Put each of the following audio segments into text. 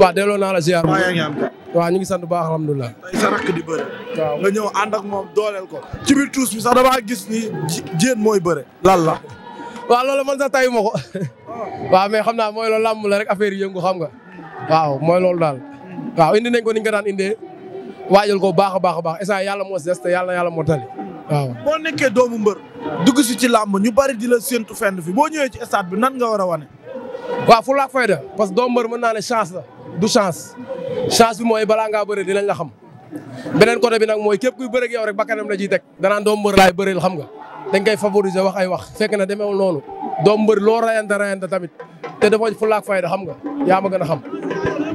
waa delloo naa la ziar. waaw ñu ngi sant bu baax alhamdulilah. tey di bëre. waaw nga ñëw ànd ak moom dooleel ko. ci biir tuus bi sax damaa gis ni jéen mooy bëre. lal la. waaw loolu man sax tayu ma ko. waaw mais xam naa mooy loolu làmb la rek affaire yi yëngu xam nga. waaw mooy loolu daal. waaw indi nañ ko ni ñu ko daan indee. waajal ko baax a baax a baax instant yàlla moo si des yàlla yàlla moo tali waaw. boo nekkee doomu mbër. dugg si ci làmb ñu bari di la séntu fenn fi boo ñëwee ci stade bi nan nga war a wane waaw fu laak fayda parce que doo mbër mën naa chance la du chance chance bi mooy balaa ngaa bëri dinañ la xam beneen côté bi nag mooy képp kuy bëreeg yow rek bakanam la ciy teg danaan doo mbër laay bëreel xam nga dañ koy favoriser wax ay wax fekk na demeewul noonu doo mbër loo rayante rayante tamit te dafa fu laak fayda xam nga yaa ma gën a xam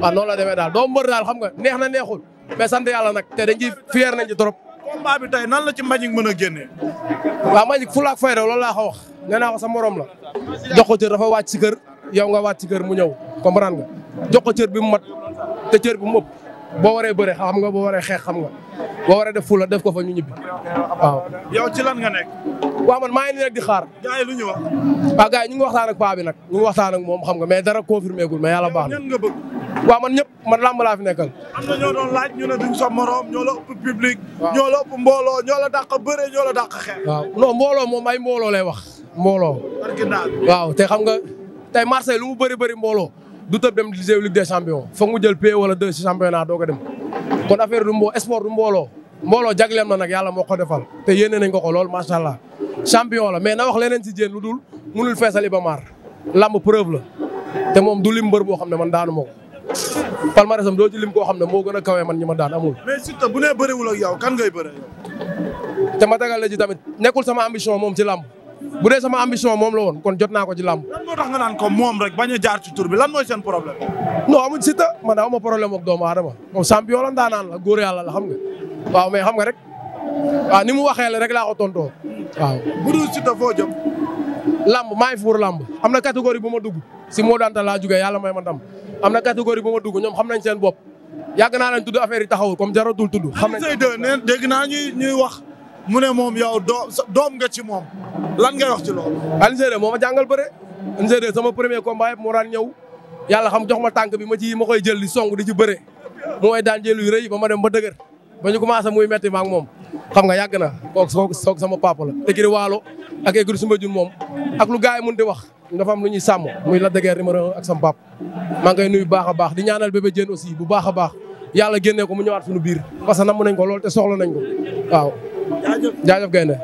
waaw noonu la demee daal doo mbër daal xam nga neex na neexul mais sant yàlla nag te dañ ciy fier nañ ci trop combat la ci Mbagnick mën a génnee waaw Mbagnick fu laak loolu laa ko wax nee sa morom la jox ko dafa wàcc si kër yow nga wàcc kër mu ñëw comprendre nga jox ko cër bi mu mat te cër bi mu boo waree bëre xam nga boo waree xeex xam nga boo waree def fula def ko fa ñu ñibbi waaw. yow ci lan nga nekk. waaw man maa ngi nii di xaar. gars yi lu ñu wax. waaw ah, gars yi ñu ngi waxtaan ak bi nag ñu ngi waxtaan ak moom xam nga mais dara confirmé gul mais yàlla baax na. nga bëgg. waaw ñëpp man làmb laa fi nekkal. am na ñoo doon laaj ñu ñoo la ëpp mbooloo ñoo la dàq bëre ñoo la dàq xeex. waaw non moom ay mbooloo lay wax mbooloo. waaw te xam nga tey Marseille lu mu bëri bari mbooloo du tëb dem di Ligue des champions foog mu jël paie wala deux si naa doo ko dem. kon affaire du mbo sport du mbooloo mbooloo jagleem na nag yàlla moo ko defal te yéene nañ ko ko lool macha allah champion la mais na wax leneen si jéen lu dul mënul feesal Iba Mar lamb preuve la te moom du lim mbër boo xam ne man daanu moo ko palmarèsam doo ci lim koo xam ne moo gën a kawee man ñi ma daan amul. mais bu nee bëriwul ak yow kan ngay bëre. te ma dagal la ci tamit nekkul sama ambition moom ci lamb. bu dee sama ambition moom la woon kon jot naa ko ci làmb. lan a jaar ci bi lan mooy seen problème. non amuñ Siteu man aw ma problème ak doomu aadama moom champion la ndaanaan la góor yàlla la xam nga waaw mais xam nga rek waaw ni mu waxee la rek laa ko tontoo waaw. bu dul Siteu foo jëm. làmb maa ngi fuur na catégorie bu ma dugg si moo daan ta laa jugee yàlla ma ndam am na catégorie bu ma dugg ñoom xam nañ seen bopp yàgg naa leen tudd affaire yi taxawul comme jaratul mu ne moom yow doo doom nga ci moom lan ngay wax ci loolu. Alioune Seye moo ma jàngal bëre Alioune Seye sama premier combat yëpp moo daan ñëw yàlla xam jox ma tànk bi ma ci ma koy jël di song di ci bëre mooy daan jël yu rëy ba ma dem ba dëgër ba ñu commencé muy metti ma ak moom. xam nga yàgg na kooku soog sama paapal la écurie Waalo ak écurie Soumbédioune moom ak lu gars yi mën di wax dafa am lu ñuy sàmm muy la dëgër numéro ak sama pap maa ngi koy nuyu baax a baax di ñaanal be Diène aussi bu baax a baax yàlla génnee ko mu ñëwaat suñu biir parce que namm nañ ko lool te soxla nañ ko waaw jaajëf jaajëf gaynde